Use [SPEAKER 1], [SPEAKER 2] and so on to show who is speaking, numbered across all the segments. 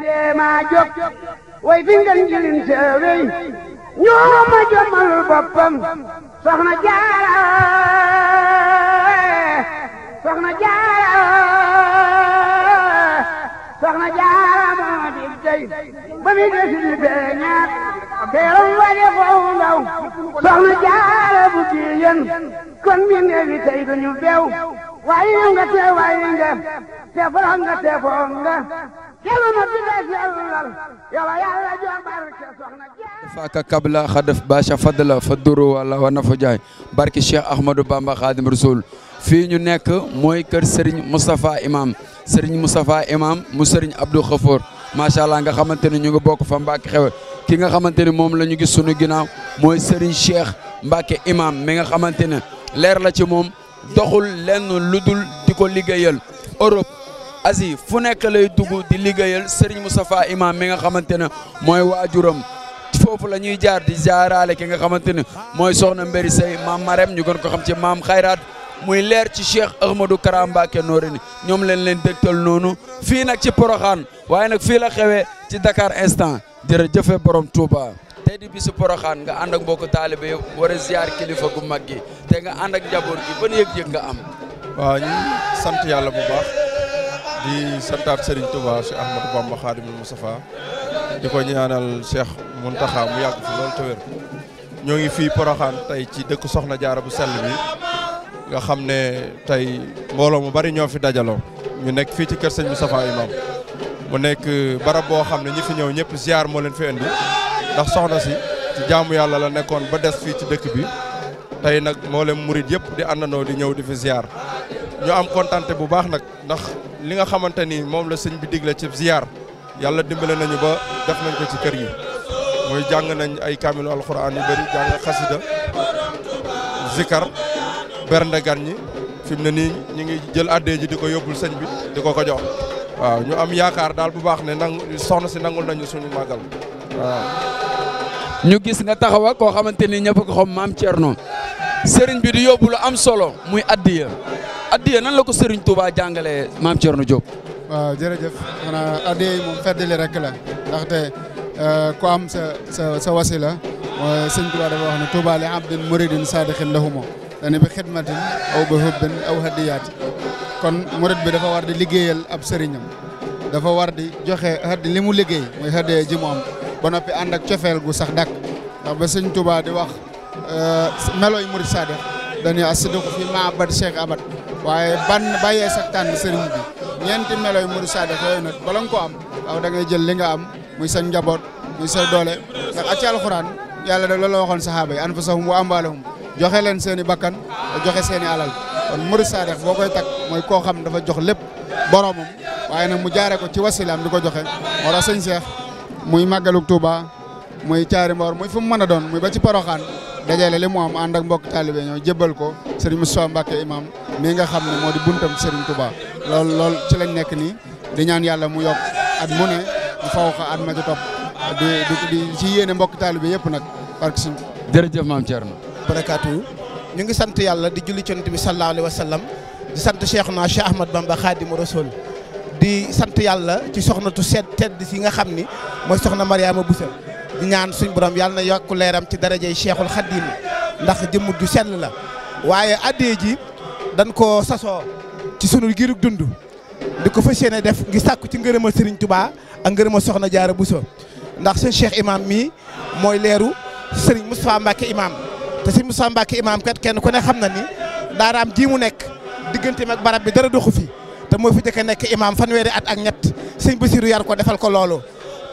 [SPEAKER 1] teema jóg way fi ngeen jëlin seewey ñoo ma jëmal boppam soxna jaara jaara soxna jaara moo di tey ba mi desi di beñaat teeram waje foofu ndaw soxna jaara bu jiyeen kon mi neewi tey duñu beew waaye nga te waaye nga te borom nga te foog
[SPEAKER 2] faaka kabla xadaf bacha fadla fa duru wala wa nafa jaay barki Cheikh Ahmadou Bamba Khadim Rasoul fii ñu nekk mooy kër Serigne Moustapha Imam Serigne Moustapha Imam mu Serigne Abdou Khafour macha allah nga xamante ne ñu ngi bokk fa Mbacke xewe ki nga xamante ne moom lañu gis sunu ginnaaw mooy Serigne Cheikh Mbacke Imam mi nga xamante ne leer la ci moom doxul lenn lu dul di ko liggéeyal Europe. asi fu nekk lay dugg di liggéeyal Serigne Moustapha Imam mi nga xamante ne mooy waajuram foofu la ñuy jaar di jaarale ki nga xamante ne mooy soxna Mbéri Sey maam Marème ñu gën ko xam ci maam Khayraat muy leer ci Cheikh Ahmadou Kara Mbacké Noreyni ñoom leen leen dégtal noonu fii nag ci Porokhane waaye nag fii la xewee ci Dakar instant jërëjëfe borom tuuba tey di bisu Porokhane nga ànd ak mbokku taalibe yi war a kilifa gu mag gi te nga ànd ak njaboot gi ban yëg-yëg nga am. yàlla bu baax. di santaat Serigne Touba Cheikh Ahmadou
[SPEAKER 3] Bamba Khadimul Moustapha di ko ñaanal Cheikh Mountakha mu yàgg fi loolu te wér ñoo ngi fii Porokhane tey ci dëkk Soxna Jaara bu sell bi nga xam ne tey mbooloo mu bari ñoo fi dajaloo ñu nekk fii ci kër Serigne Moustapha Imam mu nekk barab boo xam ne ñi fi ñëw ñëpp ziar moo leen fi indi ndax soxna si ci jaamu yàlla la nekkoon ba des fii ci dëkk bi tey nag moo leen murit yëpp di àndandoo di ñëw di fi ziar ñu am kontante bu baax nag ndax li nga xamante ni moom la sëñ bi digle ci ziar yàlla dimbale nañu ba def nañ ko ci kër yi mooy jàng nañ ay kaamilu alxuraan yu bëri jàng xasida zikar bernde gan ñi fi mu ne nii ñu ngi jël addee ji di ko yóbbul sëñ bi di ko ko jox waaw ñu am yaakaar daal bu baax
[SPEAKER 2] ne nangu soxna si nangul nañu suñu màggal waaw. ñu gis nga taxawa koo xamante ni ñëpp ko xam maam noonu sëriñ bi di yóbbu am solo muy addiya addiya nan la ko sëriñ Touba jàngalee maam Thierno Diop.
[SPEAKER 3] waaw jërëjëf xanaa addiya yi moom feddali rek la ndaxte euh, ko am sa sa sa wasila sëriñ Touba dafa wax ne Touba li abdin muridin saadixin lahumo dane bi xidmatin aw bi hubbin aw hadiyaati kon murid bi dafa war di liggéeyal ab sëriñam dafa war di joxe hadd li mu liggéey muy hadiya ji ba noppi ànd ak cofeel gu sax dakk ndax ba sëriñ Touba di wax. melo dan sadiq dañuy ko fi abad cheikh abad waye ban baye sa tan serigne bi ñeenti melo murid sadiq ko nag balang ko am aw da ngay jël li nga am muy sa njabot muy sa dole ak acci alquran yalla da lolo waxon sahaba yi anfusahum wa amwalahum joxe len bakkan joxe seen alal kon murid sadiq boo koy takk mooy koo xam dafa jox lepp boromam waye na mu jaare ko ci wasilam diko joxe mo ra seigne Cheikh muy magaluk Touba muy tiari mboor muy fu meuna don muy ba ci Poroxaan dajale li mu am ànd mbokk taalibe ñoo jébbal ko sëriñ Moustapha Mbacke imam mii nga xam ne moo di buntam sëriñ Touba loolu lool ci lañ nekk nii di ñaan yàlla mu yokk at mu ne mu faw ko at ma ci topp di di ci yéene mbokk taalibe yëpp nag parce que suñ
[SPEAKER 2] jërëjëf maam Thierno
[SPEAKER 3] barakaatu ñu ngi sant yàlla di julli ci Yonent bi sallallahu alayhi wa
[SPEAKER 4] di sant Cheikhuna Cheikh Ahmad Bamba Khadimu Rasul di sant yàlla ci soxna tu seet tedd si nga xam ni mooy soxna Mariama Boussa di ñaan suñ borom yàlla na yokk leeram ci darajey cheikhul xaddim ndax jëmm ju sell la waaye addee ji dañ ko sasoo ci sunu girug dund di ko fas yéene def ngi sàkku ci ngërëmal Serigne tubaa ak ngërëmal Soxna Jaara Bousso ndax seen cheikh imam mii mooy leeru Serigne Moustapha Mbacke imam te Serigne Moustapha Mbacke imam kat kenn ku ne xam na ni daaraam jii mu nekk diggante ak barab bi dara doxu fi te moo fi jëkk nekk imam fanweeri at ak ñett Serigne Bassirou yar ko defal ko loolu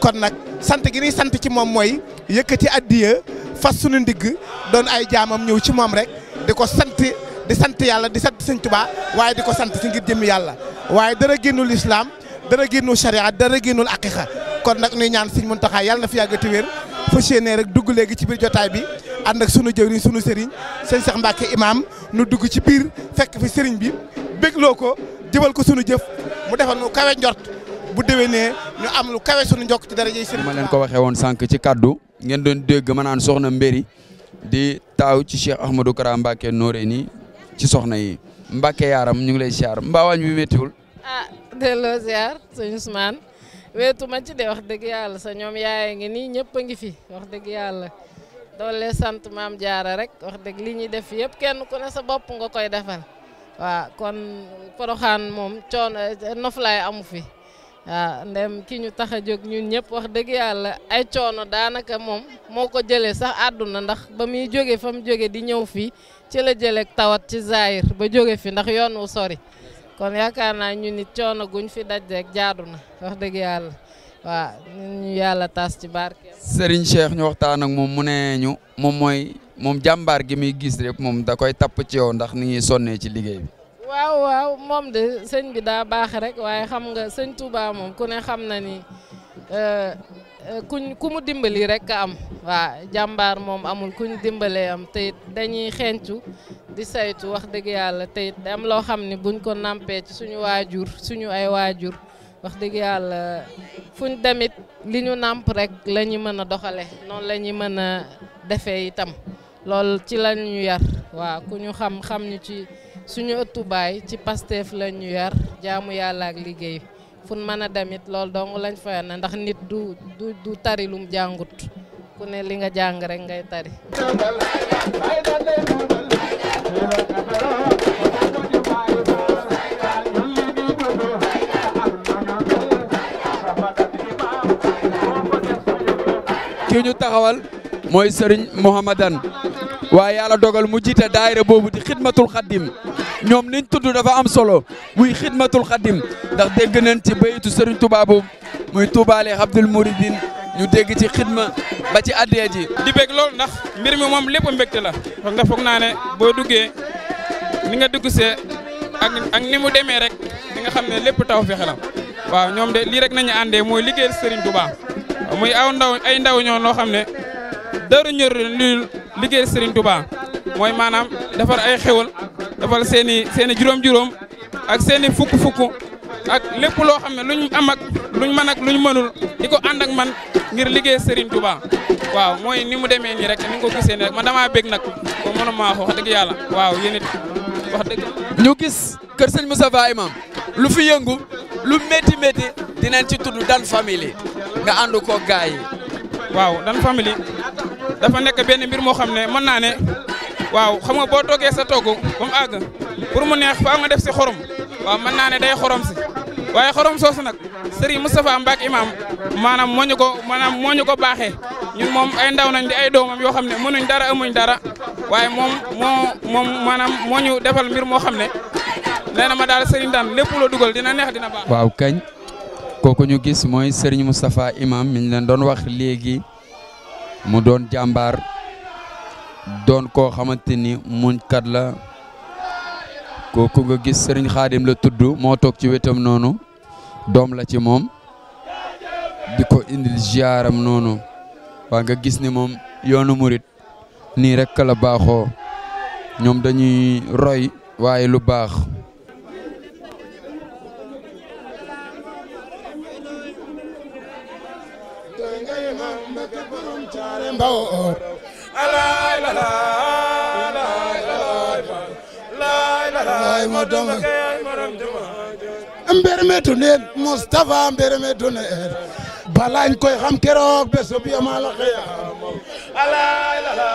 [SPEAKER 4] kon nag sant gi ñuy sant ci moom mooy yëkkati addiya fas sunu ndigg doon ay jaamam ñëw ci moom rek di ko sant di sant yàlla di sant sëñ Tuubaa waaye di ko sant si ngir jëmmi yàlla waaye dara génnul islaam dara génnul sharia dara génnul aqiqa kon nag ñuy ñaan mun Muntaxa yàlla na fi yàggati wér fas yéene rek dugg léegi ci biir jotaay bi ànd ak sunu jëwriñ sunu sëriñ sëñ Cheikh Mbacke imaam nu dugg ci biir fekk fi sëriñ
[SPEAKER 2] bi bégloo ko jëbal ko sunu jëf mu defal nu kawe njort bu déwénee ñu am lu kawe suñu njokk ci darajey sëriñ ma leen ko waxee woon ci kaddu ngeen doon ma naan soxna Mbéri di taaw ci Cheikh Ahmadou Kara mbake nooré nii ci soxna yi Mbacké yaaram ñu ngi lay bi
[SPEAKER 5] ah delloo siyaar sëñ Ousmane weetu ma ci wax sa ñoom yaay ngi fi wax dëgg yàlla doole sant maam jaara rek wax dëgg li ñuy def yëpp kenn ku ne sa nga koy defal waaw kon poroxaan mom chon noflaay amu fi waaw ah, ndem ki ñu tax a jóg ñun ñëpp wax dëgg yàlla ay coono daanaka moom moo ko jëlee sax àdduna ndax ba muy jóge fa mu jóge di ñëw fii ci la jëlee tawat ci zaayir ba jóge fi ndax yoon wu sori kon yaakaar naa ñu nit coono guñ fi daj rek jaadu na wax dëgg yàlla waaw ñu yàlla tas ci barke.
[SPEAKER 2] Serigne Cheikh ñu waxtaan ak moom mu ne ñu moom mooy moom jàmbaar gi muy gis rek moom da koy tapp ci yow ndax ni ñuy sonnee ci liggéey bi.
[SPEAKER 5] waaw waaw moom de sëñ bi daa baax rek waaye xam nga sëñ Touba moom ku ne xam na ni euh, euh, kuñ ku mu dimbali rek am waa jàmbaar moom amul kuñ dimbalee am te dañuy xencu di saytu wax dëgg yàlla te it am loo xam ne buñ ko nampee ci suñu waajur suñu ay waajur wax dëgg yàlla fuñ demit li ñu nàmp rek la ñu mën a doxale noonu la ñu mën a defee itam loolu ci lañu yar waa ku ñu xam xam ñu ci suñu ëttu baay ci Pastef la ñu yar jaamu yàlla ak liggéey fun mën damit loolu dong lañ faya na ndax nit du du du tari lum jàngut ku ne li nga jàng rek ngay tari
[SPEAKER 2] ki ñu taxawal mooy Serigne Mouhamadan waaye yàlla dogal mu jiite daayira boobu di xidmatul xaddim ñoom niñ tudd dafa am solo muy xidmatul xadim ndax dégg nañ ci baytu Serigne Touba boobu muy tuubaalee Abdul Mouridine ñu dégg ci xidma ba ci addee ji. di bég loolu ndax
[SPEAKER 6] mbir mi moom lépp mbégte la foog nga foog naa ne boo duggee ni nga dugg see ak ak ni mu demee rek di nga xam ne lépp taw fexe la waaw ñoom de lii rek nañu àndee mooy liggéeyal Serigne Touba muy aw ndaw ay ndaw ñoo loo xam ne dara ñor liggéeyal Serigne Touba mooy maanaam defar ay xewal defal seen seeni seen juróom-juróom ak seeni i fukk-fukk ak lépp loo xam ne luñ am ak luñ mën ak luñ mënul di ko ànd man ngir liggéey Serigne Touba waaw mooy ni mu demee nii rek ni nga ko
[SPEAKER 2] gisee nii rek man damaa bég nag ko mënu maa wax dëgg yàlla waaw yéen wax dëgg. ñu gis kër sëñ Moustapha Imam lu fi yëngu lu métti métti dinañ ci tudd Dan Family nga ànd ko gaay yi. waaw Dan Family dafa nekk benn mbir
[SPEAKER 6] moo xam ne mën naa ne. waaw xam nga boo toogee sa togg ba mu àgg mu neex faaw nga def si xorom waaw mën naa ne day xorom si waaye xorom soosu nag sëriñ Moustapha Mbacke imam maanaam moo ñu ko maanaam moo ko baaxee ñun moom ay ndaw nañ di ay doomam yoo xam ne mënuñ dara amuñ dara waaye moom moo moom maanaam moo ñu defal mbir moo xam ne nee na ma daal Serigne daan lépp loo dugal dina neex dina
[SPEAKER 2] baax. waaw kañ kooku ñu gis mooy Serigne Moustapha imam mi ñu leen doon wax léegi mu doon jàmbaar. doon koo xamante ni muñkat la kooku nga gis sëriñ xaadim la tudd moo toog ci wetam noonu doom la ci moom di ko indil ziaram noonu waa nga gis ni moom yoonu murit nii rekk la baaxoo ñoom dañuy roy waaye lu baax
[SPEAKER 6] mo donga
[SPEAKER 4] mbereme to ne Moustapha mbereme to ne balañ koy xam keroog be sobi ma la
[SPEAKER 6] xeya ala la la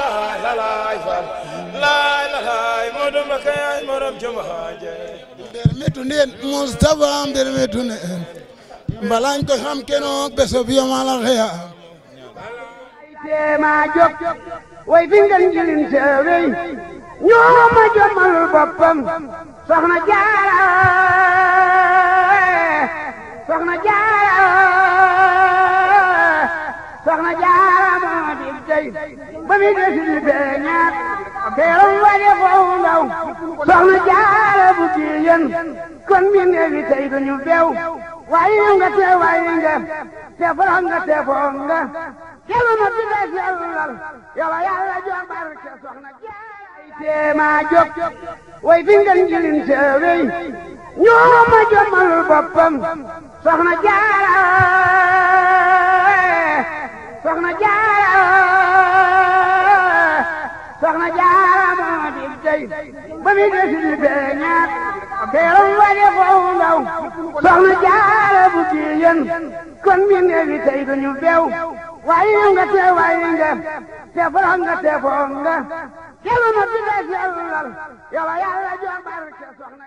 [SPEAKER 6] la la la la mo donga kay morom juma je
[SPEAKER 4] mbereme to ne Moustapha mbereme to ne
[SPEAKER 1] balañ koy xam keroog be sobi ma la xeya tee maa jóg way fi ngeen jëlin seewey ñoo ma jëmal boppam soxna jaara soxna jaara soxna jaara moo di tey ba mi desi di beñaat teeram waje foofu ndaw soxna jaara bu jiyeen kon mi neewi tey duñu beew waaye nga tee waaye nga te yaluma bi des yallal yalla yalla jox barke soxna jaay te ma jóg way fi ngeen jilin seewey ñoo ma jommal boppam soxna jaara soxna jaara soxna jaara di tey ba mi desil beñaat teeram waje foofu ndaw soxna jaara bu di yen kon mi neewi tey duñu beew wayi nga te wayi nga te faral nga te foog nga yàlla na fi des yàlla yàlla yàlla jox barke soxna